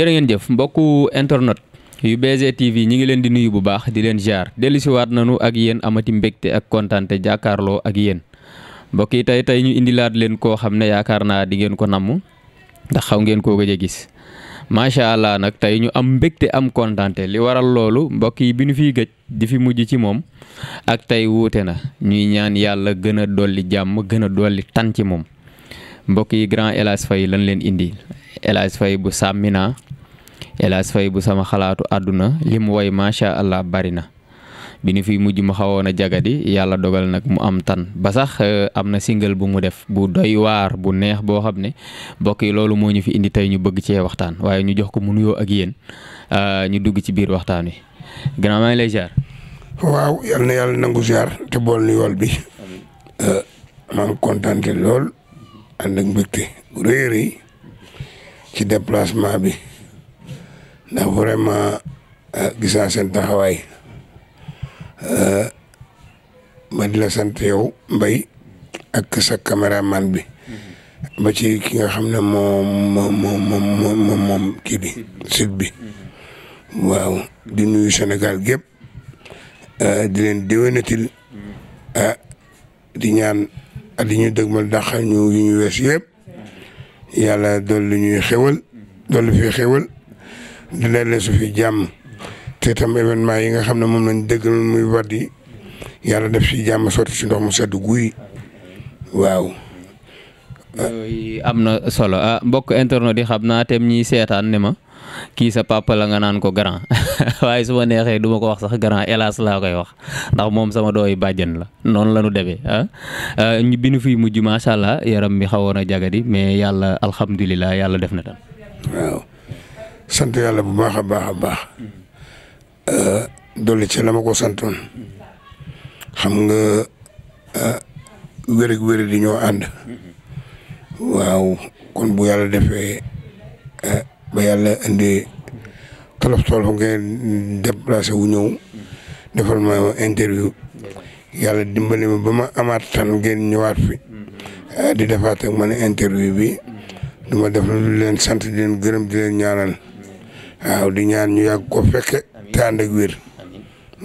jërë ngeen jëf mbokku internet yu UBZ TV ñi ngi leen di nuyu bu baax di leen jaar dellusiwaat nañu ak yéen amati mbégte ak kontaante jàkkaarloo ak yéen mbokk yi tey tey ñu indilaat leen koo xam ne yaakaar naa di ngeen ko namm ndax xaw ngeen koo gëj a gis macha allah nag tey ñu am mbégte am kontaante li waral loolu mbokk yi bi ñu fiy gëj di fi mujj ci moom ak tey wuute na ñuy ñaan yàlla gën a dolli jàmm gën a dolli tan ci moom. mbokk yi grand El Hadj Faye lan leen indi El fay bu sàmmina El fay bu sama xalaatu àdduna li mu woy macha allah bari na bi ñu fi mujj mu xawoon a jagadi yàlla dogal nag mu am tan ba sax euh, am na single bu mu def bu doy waar bu neex boo xam ne mbokk yi loolu moo ñu fi indi tey ñu bëgg cee waxtaan waaye ñu jox ko mu nuyoo ak yéen euh, ñu dugg ci biir waxtaan wi grand maa ngi waaw yàlla nangu ziar te bool ni yool bi euh, maa ngi lool. ànd ak mbégte bu rëy rëy ci déplacement bi ndax vraiment ah, gis naa seen taxawaay ah, ma di la sant yow mbay ak sa caméraman bi mm-hmm. ba ci ki nga xam ne moom moom moom moom moom kii bi site bi mm-hmm. waaw di nuyu Sénégal gépp ah, di leen déwénatil mm-hmm. di ñaan at ñu dëgmal dàqal ñu yu ñu wees yëpp yàlla dolli ñuy xéwal dolli fi xéwal di leen su fi jàmm te tam événement yi nga xam ne moom lañ dëggal muy di yàlla def si jàmm sotti si ndox mu sedd guy waaw. am na solo ah mbokk internet yi xam naa tem ñiy seetaan ne ma. kii sa papa la nga naan ko grand waaye su neexee du ma ko wax sax grand hélas laa koy wax ndax moom sama dooy bàjjan la noonu la ñu demee ah. ah bi nu fii mujj macha allah yaram mi xawoon a jagadi mais yàlla alhamdulilah yàlla def na tam. waaw sant yàlla bu baax a baax a baax ah, dolli ci la ma ko santoon xam nga ah, wér ak wér di ñoo ànd waaw kon bu yàlla defee. ba yàlla indi tolof tolof ngeen déplacé wu ñëw defal ma interview yàlla dimbali ma ba ma amaat tan ngeen ñëwaat fi eh, di defaate ak man interview bi du defal def lu leen sant di leen gërëm di leen waaw di ñaan ñu yàgg ko fekke te ànd ak wér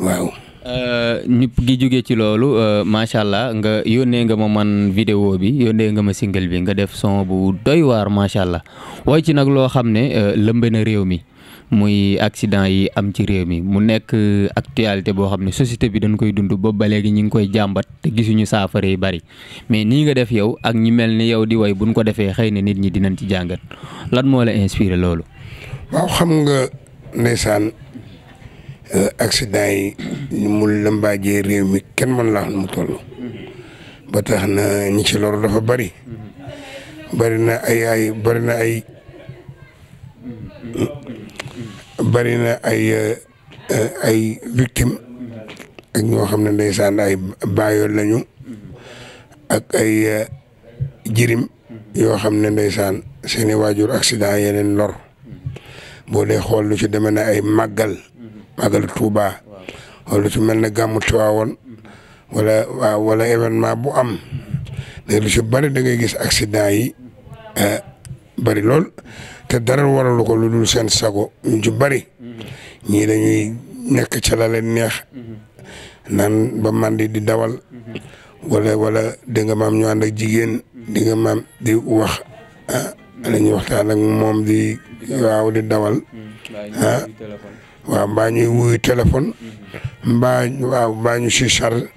waaw Euh, ñu gi jóge ci loolu euh, macha allah nga yónnee nga ma man vidéo bi yónnee nga ma single bi nga def son bu doy waar macha allah woy ci nag loo xam ne euh, lëmbe réew mi muy accident yi am ci réew mi mu nekk actualité boo xam ne société bi dañ koy dund boobu ba léegi ñu ngi koy jàmbat te gisuñu saafara yu bari mais nii nga def yow ak ñi mel ni yow di woy buñ ko defee xëy na nit ñi dinañ ci jàngat lan moo la inspirer loolu. waaw xam nga ndeysaan Euh, accident yi ni mu lëmbaajee réew mi kenn mën laa xam mu toll. ba tax na ñi ci loru dafa bari. bari na ay ay bari na ay. bari ay euh, ay ak ñoo xam ne ndeysaan ay baayoon lañu. ak ay euh, jirim. yoo xam ne ndeysaan seeni waajur accident yeneen lor. boo dee xool lu ci demee na ay màggal. màggal Touba wala su mel ne gàmmu Tiwaawoon wala waaw wala événement bu am léegi lu si bëri da ngay gis accident yi eh, bari lool te dara waralu ko lu dul seen sago ñu ci bëri ñii dañuy nekk ca neex naan ba mandi di dawal walla wala di maam ñu ànd ak jigéen di maam di wax ah la ñuy waxtaan ak moom di waaw di dawal hmm, ah waaw mbaa ñuy wuyu téléphone mm-hmm. mbaa waaw mbaa ñu si charge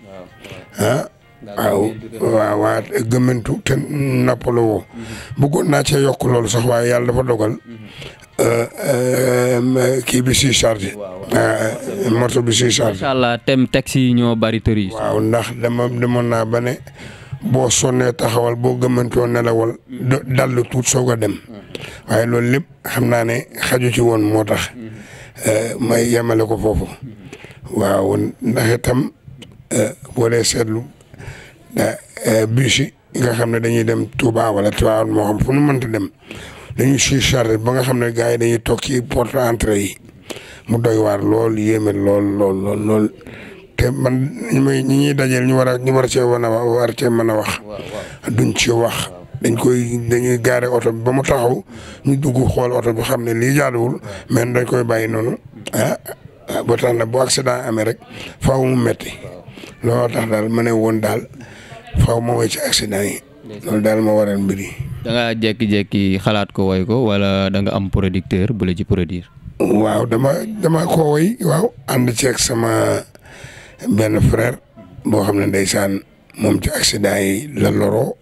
ah waaw waaw waa gëmmantu te noppalu woo mm-hmm. bëggoon naa cee yokk loolu sax waaye yàlla dafa dogal mm-hmm. euh, euh, kii bi si chargé euh, morto bi si chargé macha allah tem taxi yi ñoo bari tër yi waaw ndax dama demoon naa ba ne boo sonnee taxawal boo gëmmantoo nelawal dallu tuut soog a dem waaye loolu lépp xam naa ne xaju ci woon moo tax Eh, may yemale ko foofu waaw ndax itam eh, boo dee seetlu eh, bus nga xam ne dañuy dem Touba wala Touba moo xam fu nu mënta dem dañuy surchargé ba nga xam ne gars yi dañuy toog ci porte entrée yi mu doy waar lool yéeme lool lool lool te man ñu may ñu ñuy dajeel ñu war a ñu war cee mën a wax war cee mën a wax duñ ci wax dañ koy dañuy gaare oto bi ba mu taxaw ñu dugg xool oto bi xam ne lii jaaduwul mais dañ koy bàyyi noonu ah, ah ba tax na bu accident amee rek faaw mu metti looloo tax daal ma ne woon daal faaw ma woy ci accident yi. loolu daal ma waral mbiri yi. da ngaa xalaat ko woy ko wala danga am producteur bu la ci produire. waaw dama dama ko woy waaw ànd ceeg sama benn frère boo xam ne ndeysaan moom ci accident yi la loroo.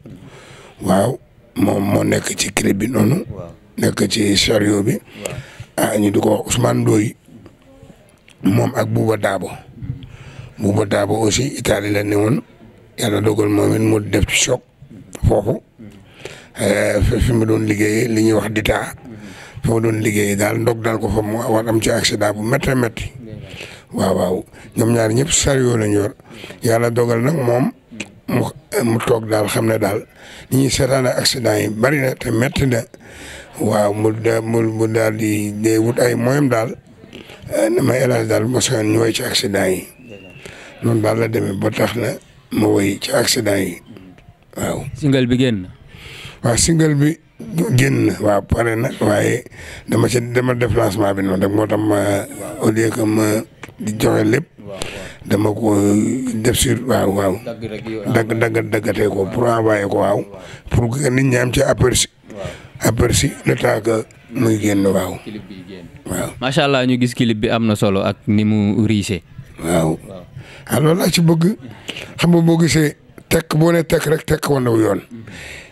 waaw moom moo nekk ci clip bi noonu. nekk ci chariot bi. ah ñu di ko Ousmane Ndoye moom ak Bouba Dabo. Bouba Dabo aussi itali la ne woon yàlla dogal moom it def ci choc foofu eh, fi mu doon liggéey li ñuy wax dita fi mu doon liggéeyee daal ndog daal ko fa mu war am ci accident bu méttee métti waaw waaw ñoom ñaar ñëpp chariot la ñu yor yàlla dogal nag moom. mu toog daal xam ne daal li ñuy seetaan accident yi bari na te metti na waaw mu da daal di day wut ay moyam daal eh, na ma élage daal mos a ñu woy ci accident yi noonu daal la demee ba tax na ma woy ci accident yi waaw. single bi génn. waaw single bi génn waaw pare na waaye dama ci dama def bi noonu rek moo tax au lieu que ma di joxe lépp. dama ko euh, def sur waaw waaw ah. dagg dagg daggatee ko pour envoyer ko waaw pour que nit ñi am ci aperçu aperçu le temps muy génn waaw waaw macha allah ñu gis clip bi am na solo ak ni mu riise waaw alors ah, ci bëgg xam nga boo gisee tekk boo ne tekk rek tekk wandaw yoon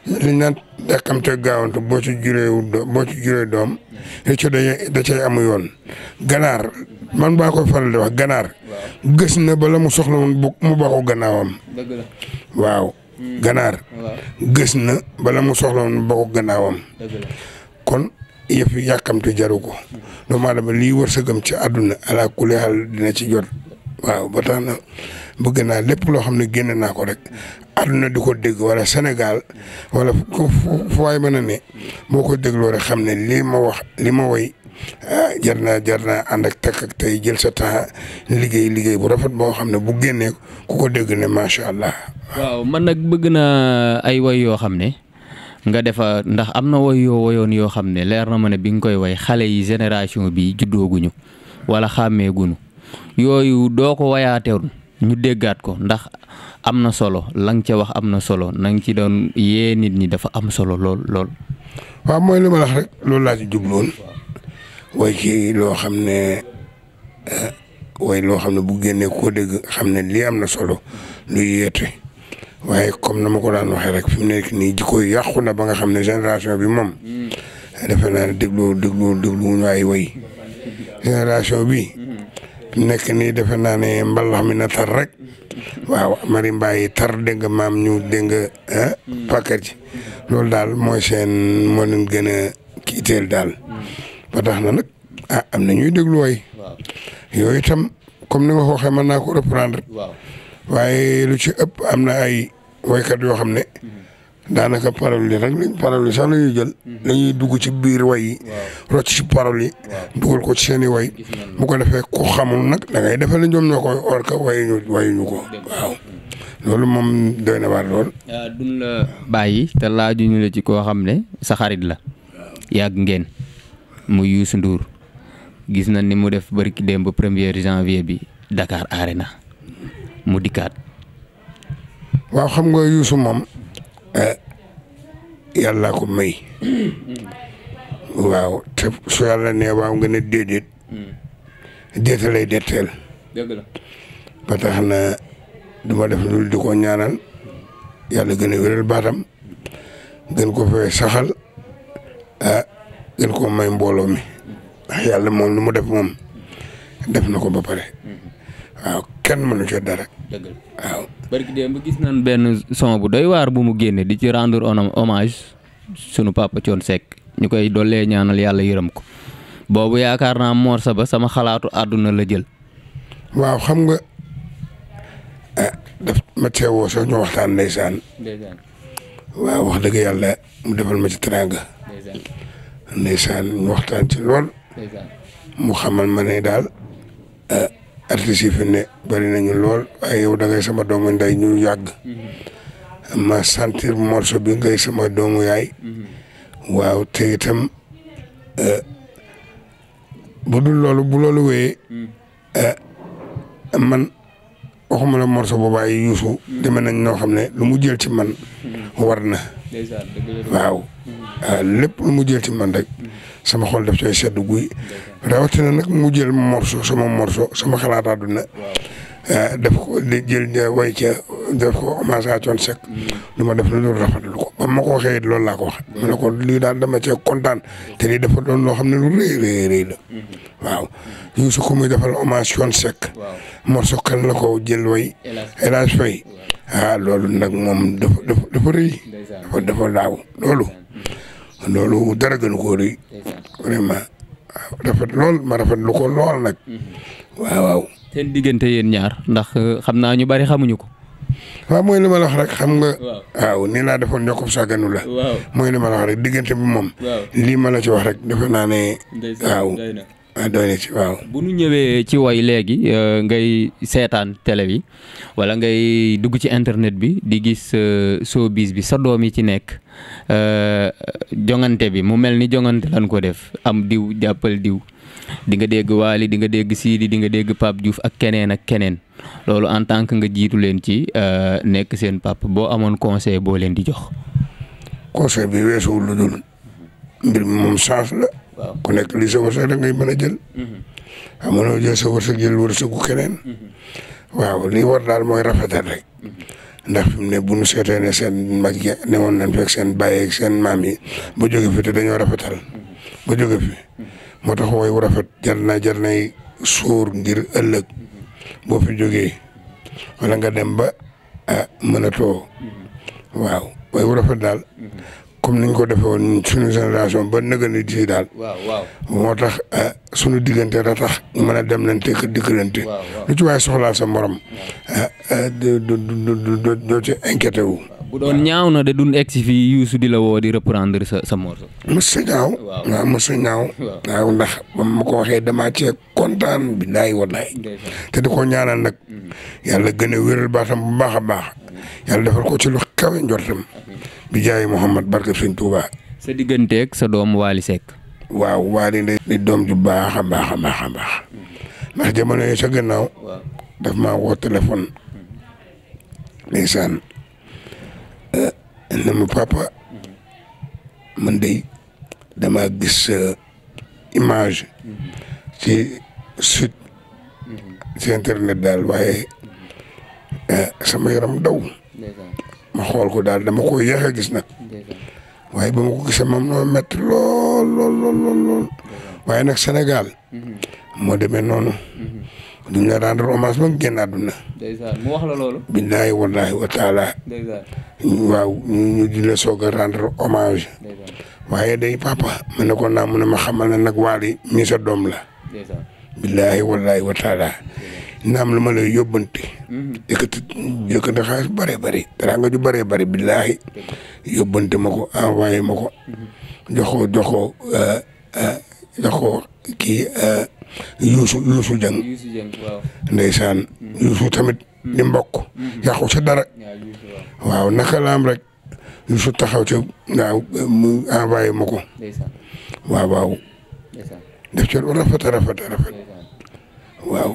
liñ naan dakkamte gaawantu boo ci jureewu boo ci juree doom rëccu da da cay amu yoon ganaar man baa koy faral di wax ganaar gës na bala mu soxla mu baxu gannaawam waaw hmm. ganaar gës na bala mu soxla mu baxu gannaawam kon yëf yàkkamte jaru ko hmm. doomu aadama lii wërsëgam ci àdduna ala kulli xaal dina ci jot waaw ba tax na bëgg naa lépp loo xam ne génn naa ko rek adduna di ko dégg wala senegal wala fu waay mën a ne hmm. boo ko dégloo rek xam ne lii ma wax li ma woy Ah, jar na jar na ànd ak takk ak tey jël sa temps liggéey liggéey bu rafet boo xam ne bu génnee ku ko dégg ne macha allah. waaw man nag bëgg naa ay woy yoo xam ne nga defa ndax am na way yoo xam ne leer na ma ne bi nga koy way xale yi génération bi juddooguñu wala xàmmeeguñu yooyu doo ko wayaateewoon ñu déggaat ko ndax am na solo la nga ca wax am na solo na nga ci doon yee nit ñi dafa am solo lool lool. waaw mooy li rek loolu laa ci jubloon way ci loo xam ne eh, way loo xam ne bu génnee koo dégg xam ne lii am na solo luy yeete waaye comme na ma ko daan waxee rek fi mu nekk nii jikko yàqu na ba nga xam ne génération bi moom hmm. defe naa ne déglu déglu déglu waaye way génération bi nekk nii defe naa ne mbalax mi na tar rek waaw mari mbaay tar dégg nga maam ñu dégg nga ah ji loolu daal mooy seen moo leen gën a kiiteel daal hmm. ba tax na nag ah am na ñuy déglu waay. yooyu itam comme ni nga ko waxee mën naa ko reprendre. waaye lu ci ëpp am na ay waykat yoo xam ne. Mm-hmm. daanaka parole yi rek lañ parole yi sax la ñuy jël. Mm-hmm. dañuy dugg ci biir way yi. rocc ci parole yi. dugal ko ci seen i way. mu ko defee ko xamul nag dangay ngay defal ñoom ñoo koy or ka wayuñu wayuñu ko waaw. loolu moom doy na waar lool. Ah, duñ la bàyyi te laajuñu la ci koo xam ne sa xarit la. yàgg ngeen. mu Youssou Ndour gis na ni mu def bërki démb premier janvier bi Dakar na mu dikkaat. waaw xam nga Youssou moom eh, yàlla ko may. waaw te su yàlla nee waaw nga ne déedéet. déeta lay ba tax na du ma def loolu di ko ñaanal yàlla gën a wéral baatam gën ko fee saxal ah, gën koo may mbooloo mi yàlla moom lu mu def moom def na ko ba pare waaw kenn mënu ci dara. dëgg la waaw. barki démb gis nañ benn son bu doy waar bu mu génnee di ci rendre omage sunu papa Thione Seck ñu koy dollee ñaanal yàlla yërëm ko boobu yaakaar naa morsa ba sama xalaatu àdduna la jël. waaw xam nga eh, daf ma teewoo sax ñu waxtaan ndeysaan. waaw wax dëgg yàlla mu defal ma ci teraanga. ndeysaan ñu waxtaan ci lool. mu xamal ma ne daal euh, artistes yi fi ne bari nañu lool waaye yow da ngay sama doomu nday ñu yàgg. Mm-hmm. ma sentir morceau bi ngay sama doomu yaay. Mm-hmm. waaw te itam euh, bu dul loolu bu loolu wéyee. Mm. Euh, man. waxuma la morceau boobu ay yuusu deme nañ noo xam ne lu mu jël ci man war na waaw ah, lépp lu mu jël ci man rek sama xol def cooy sedd guy rawatina nag mu jël morceau sama morso sama xalaat àdduna Eh, def ko di jël way ca def ko hommage à Thione Seck mm. ma def lu dul rafetlu ko ba ma ko waxee laa ko wax mu ne ko lii daal dama cee kontaan mm. te lii dafa doon loo xam ne lu rëy rëy rëy la mm-hmm. waaw ñu su ko muy defal hommage Thione morso kan la ko jël way El Hadj Faye ah, loolu nag moom dafa dafa dafa rëy dafa dafa laaw loolu mm-hmm. loolu dara gën koo rëy vraiment rafet lool ma rafetlu ko lool nag mm-hmm. waaw seen diggante yéen ñaar ndax euh, xam naa ñu bari xamuñu ko. waaw mooy li la wax rek xam nga. waaw nii laa defoon Ndiokhouf Saganu la. mooy li ma la rek diggante bi moom. lii ma la ci wax rek defe naa ne. Ah, waaw bu nu ñëwee ci way léegi euh, ngay seetaan télé bi wala ngay dugg ci internet bi di gis euh, showbiz bi sa doom yi ci nekk jongante bi mu mel ni jongante lan ko def am diw jàppal diw. di nga dégg Waly di nga dégg Sidi dinga dégg Pape Diouf ak keneen ak keneen loolu en tant que nga jiitu leen ci euh, nekk seen pap boo amoon conseil boo leen di jox. conseil bi weesuwul lu dul mbir moom saaf la. waaw ku nekk li sa wërsëg da ngay a jël. Mhm. amoon jël sa wërsëg jël wërsëgu keneen. Mhm. waaw li war daal mooy rafetal rek. Mhm. ndax fi ne bu nu seetee ne seen mag ya ne woon nañ fekk seen bàyyi ak seen maam yi ba jóge fi te dañoo rafetal ba jóge fi. moo tax wooy wu rafet jar na jar nay suur ngir ëllëg boo fi jógee wala nga dem ba a ah, mënatoo waaw wooy wu daal comme niñ ko defee woon suñu génération ba nëgëni di daal. waaw waaw moo tax ah, suñu diggante da tax mën a dem leen tekk dikkalante. lu ci waaye soxlaa sa morom. Ah, wu. bu doon ñaaw na de dun egg si fii Youssou di la woo di reprendre sa sa morceau. mos a ñaaw. waaw waaw mos a ñaaw. waaw ndax ba ma ko waxee damaa cee kontaan bi daay walaay. te di ko ñaanal nag. Mm-hmm. yàlla gën a wéral baaxam bu baax a baax. Mm-hmm. yàlla defal ko ci lu kawe njortam. Mm-hmm. bi jaay Mouhamad barke Sëñ sa digganteeg sa doom Waly Seck. waaw Waly ndey. di doom ju baax a baax a baax a baax. ndax jamono yi sa gannaaw. daf maa woo téléphone. ndeysaan. Eh, na mu papa man day dama gis eh, image ci site ci internet daal waaye eh, sama yaram daw ma xool ko daal dama ko yéex a gis nag waaye ba ma ko gisee moom noo métti lool lool lool lool waaye nag Sénégal mhm. moo demee noonu duñ la rendre hommage ba génn àdduna. ndeysaan mu wax la loolu. billaahi wallaahi wa taala. ndeysaan waaw ñu di la soog a rendre hommage. waaye day papa ma ne ko naa ma xamal ne nag waali mi sa doom la. ndeysaan billaahi wallaahi wa taala. naam lu ma lay yóbbante. Mm-hmm. yëkkati yëkkati xaalis bare bare. dara nga ju bare bare yóbbante ma ko envoyé ma ko. Mm-hmm. Euh, euh, jox ko kii. Euh, yuusu yuusu jëng ndeysaan yuusu tamit di mbokk mm-hmm. yàqu ci dara waaw naka laam rek yuusu taxaw ci waaw mu envoyé ma ko waaw waaw def ci rafet rafet rafet waaw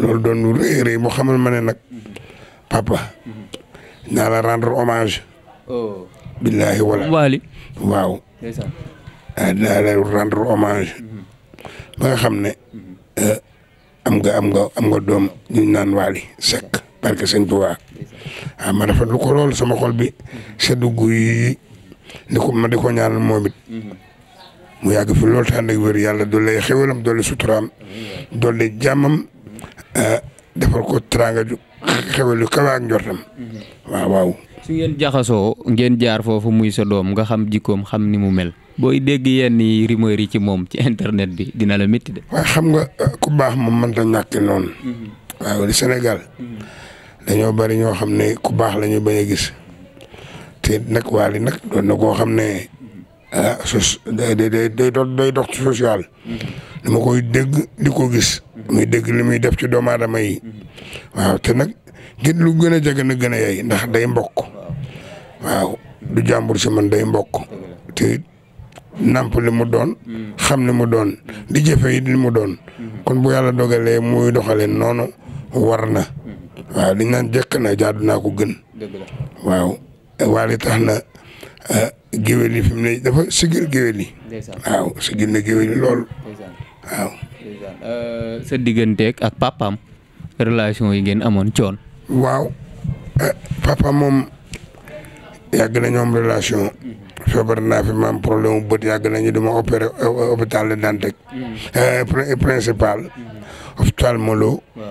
loolu doon lu rëy rëy mu xamal ma ne nag mm-hmm. papa mm-hmm. naa la rendre hommage oh. billahi wala waaw naa la rendre hommage ba xam ne eh, am nga am nga am nga doom ñu naan Waly Seck barke sëñ Tuubaa ah ma rafetlu ko lool sama xol bi seddu guy ni ko ma di ko ñaanal moom mu yàgg fu lool tànn ak wér yàlla doole xéwalam doole suturaam doole jàmmam eh, defal ko teraanga ju xéwal yu kawe ak njortam waaw waaw. su ngeen jaxasoo ngeen jaar foofu muy sa doom nga xam jikkoom xam ni mu mel. booy dégg yenn yi rumeur yi ci moom ci internet bi dina la mitti de. waaw xam nga euh, ku baax moom mënta ñàkk noonu. Mm-hmm. waaw di Sénégal. Mm-hmm. dañoo bari ñoo xam ne ku baax lañuy ñu bañ a gis. te nag Wally nag doon na koo xam ne ah day day day dox ci social. Mm-hmm. dama koy dégg di ko gis. muy dégg li muy def ci doomu aadama yi. waaw te nag gën lu gën a jege na gën a yey ndax day mbokk. waaw du jàmbur si man day mbokk. te nàmp li mu doon. xam li mu doon. di jëfe yi li mu doon. kon bu yàlla dogalee muy doxalee noonu war na. waaw li naan jëkk na jaadu naa ko gën. waaw waaye tax na ah, géwél yi fi mu ne dafa sigil géwél yi. waaw sigil na géwél yi lool. waaw. Euh, sa digganteek ak papaam relation yi ngeen amoon coon. waaw ah, papa moom yàgg na ñoom relation. Mhm. feebar naa fi maam problème mu bët yàgg nañu dama opéré euh, hôpital de Dantec. Mm. Euh, principal. ophtalmolo. Mm.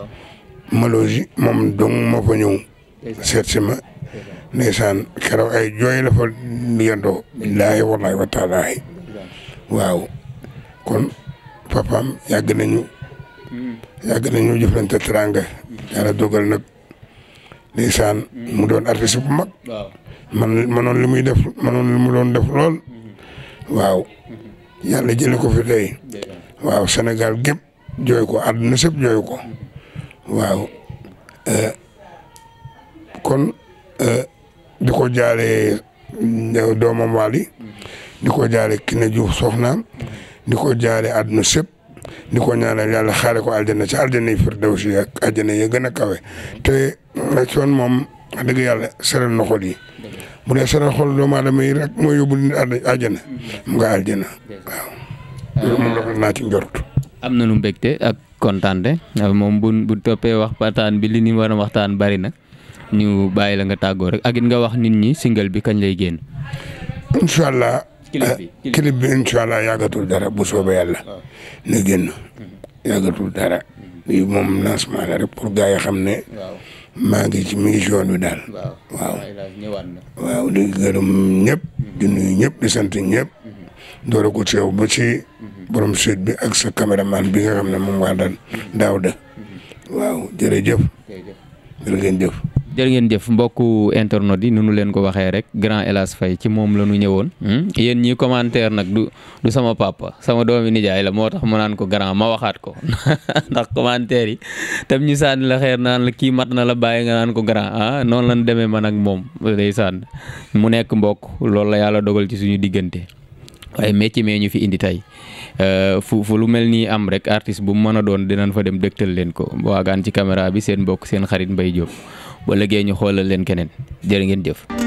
maloji moom dong moo fa ñëw. seet si ma. ndeysaan keroog ay jooy la fa ligandoo. billaahi wallaahi wa waaw kon papaam yàgg nañu. Mm. yàgg nañu jëflante teranga. yàlla dogal nag. ndeysaan mu doon artiste bu mag. man manoon li muy def manoon li mu doon def lool waaw yàlla jële ko fi waaw senegal gépp jooy ko àdduna sëpp jooy ko waaw eh, kon eh, di ko jaale eh, doomam Waly di ko jaale Kiné Diouf soxnaam di ko jaale àdduna sëpp di ko ñaanal yàlla xaare ko aljana ci aljana yi firdawsi ak aljana yi gën a kawe te son moom wax dëgg yàlla seral na xol bu dee seen xol doomu aadama yi rek mooy yóbbu nit àjjana mu nga àjjana waaw. loolu moom rafet naa ci njort. am na lu mbégte ak kontaante moom bu toppee wax waxtaan bi li ni war a waxtaan bari na ñu bàyyi la nga tàggoo rek ak it nga wax nit ñi singal bi kañ lay génn. incha allah. Eh, bi clip yàggatul dara bu soobee yàlla. Ah. na génn. Mm-hmm. yàggatul dara. Mm-hmm. lii moom lancement rek pour gars yi xam ne. maa ngi ci mi ngi ci yoon wi daal. waaw waaw di gërëm ñëpp. di nuyu ñëpp di sant ñëpp. Mm-hmm. door ko ci yow ba ci. Mm-hmm. borom suite bi ak sa caméraman bi nga xam ne moom waa daal daaw da waaw jërëjëf. jërëjëf jërë ngeen jëf. jërë ngeen jëf mbokk internet yi nunu leen ko waxee rek grand Elhadj Faye ci moom la ñu ñëwoon hmm? yéen ñi commentaire nag du du sama papa sama doomi nijaay la moo tax mu naan ko grand ma waxaat ko ndax commentaire yi tam ñu sànni la xeer naan kii mat na la bàyyi nga ko grand ah noonu lañ demee man ak moom day saan mu nekk mbokk loolu la yàlla dogal ci suñu diggante waaye métier mee ñu fi indi tey euh, fu fu lu mel nii am rek artiste bu mu mën a doon dinañ fa dem dëgtal leen ko waagaan ci caméra bi seen mbokk seen xarit mbay Diop ba léegi ñu xoolal leen keneen jërë ngeen jëf.